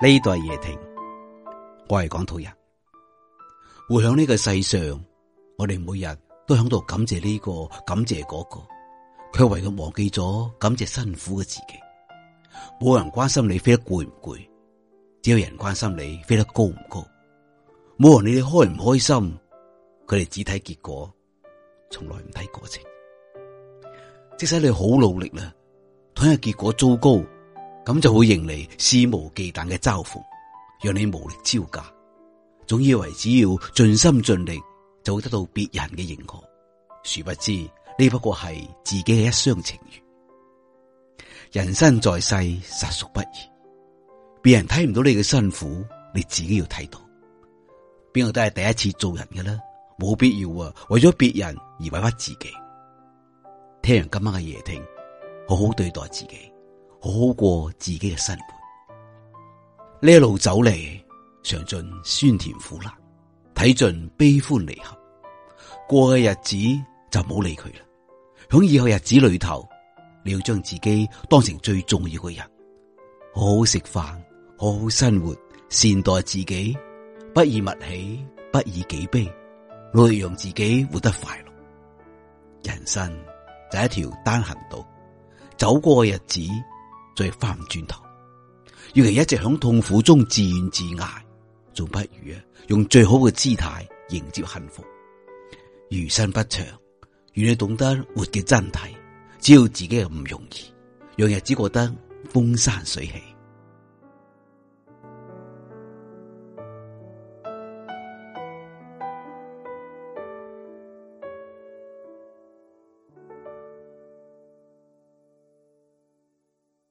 呢度係夜亭，我係港土人。回響呢個世上，我哋每日都響度感謝呢、這個，感謝嗰、那個，卻為佢忘記咗感謝辛苦嘅自己。冇人關心你飛得攰唔攰，只有人關心你飛得高唔高。冇人理你開唔開心，佢哋只睇結果，從來唔睇過程。即使你好努力啦，睇下結果糟糕。咁就會迎嚟肆無忌憚嘅嘲諷，讓你無力招架。總以為只要盡心盡力就會得到別人嘅認可，殊不知呢，不過係自己嘅一廂情願。人生在世，實屬不易，別人睇唔到你嘅辛苦，你自己要睇到。邊個都係第一次做人㗎啦，冇必要啊為咗別人而委屈自己。聽完今晚嘅夜聽，好好對待自己。好好過自己嘅生活，呢一路走嚟，嘗盡酸甜苦辣，睇盡悲歡離合，過嘅日子就唔好理佢啦。響以後日子裏頭，你要將自己當成最重要嘅人，好好食飯，好好生活，善待自己，不以物喜，不以己悲，努力讓自己活得快樂。人生就係一條單行道，走過嘅日子。再返唔轉頭，與其一直喺痛苦中自怨自艾，仲不如啊用最好嘅姿態迎接幸福。餘生不長，願你懂得活嘅真諦，只要自己唔容易，讓日子過得風生水起。